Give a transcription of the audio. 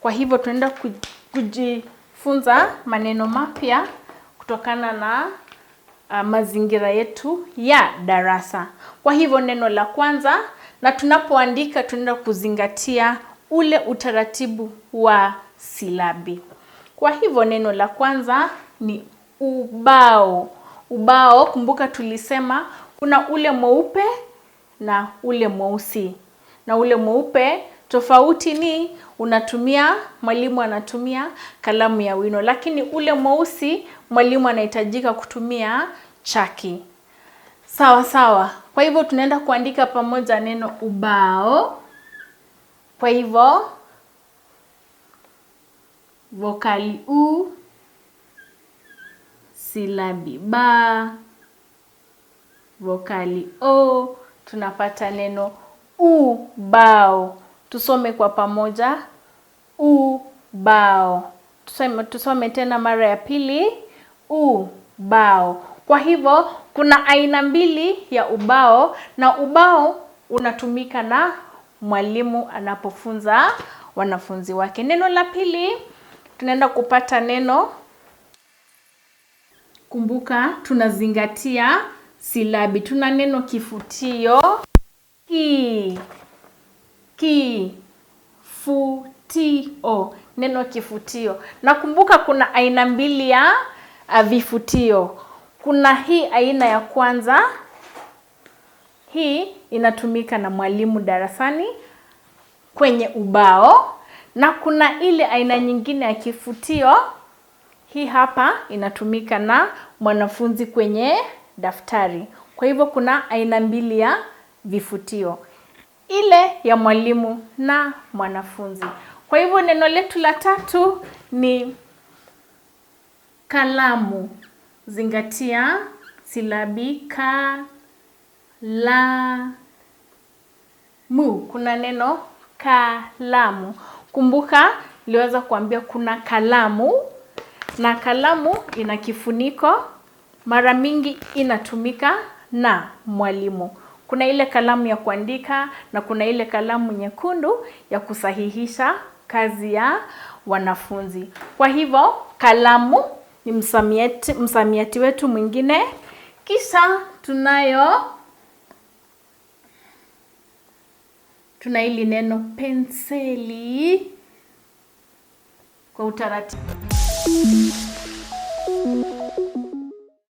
Kwa hivyo tunaenda kujifunza maneno mapya kutokana na uh, mazingira yetu ya darasa. Kwa hivyo neno la kwanza, na tunapoandika tunaenda kuzingatia ule utaratibu wa silabi. Kwa hivyo neno la kwanza ni ubao. Ubao, kumbuka tulisema kuna ule mweupe na ule mweusi. Na ule mweupe tofauti ni unatumia, mwalimu anatumia kalamu ya wino, lakini ule mweusi mwalimu anahitajika kutumia chaki. Sawa sawa. Kwa hivyo tunaenda kuandika pamoja neno ubao. Kwa hivyo vokali u, silabi ba, vokali o, tunapata neno ubao. Tusome kwa pamoja, ubao. Tusome, tusome tena mara ya pili, ubao. Kwa hivyo kuna aina mbili ya ubao na ubao unatumika na mwalimu anapofunza wanafunzi wake. Neno la pili tunaenda kupata neno. Kumbuka tunazingatia silabi. Tuna neno kifutio ki, ki futio, neno kifutio. Na kumbuka kuna aina mbili ya vifutio. Kuna hii aina ya kwanza, hii inatumika na mwalimu darasani kwenye ubao na kuna ile aina nyingine ya kifutio. Hii hapa inatumika na mwanafunzi kwenye daftari. Kwa hivyo kuna aina mbili ya vifutio, ile ya mwalimu na mwanafunzi. Kwa hivyo neno letu la tatu ni kalamu. Zingatia silabi ka la mu. Kuna neno kalamu. Kumbuka niliweza kuambia kuna kalamu na kalamu ina kifuniko, mara mingi inatumika na mwalimu. Kuna ile kalamu ya kuandika na kuna ile kalamu nyekundu ya kusahihisha kazi ya wanafunzi. Kwa hivyo kalamu ni msamiati, msamiati wetu mwingine. Kisha tunayo tuna hili neno penseli kwa utaratibu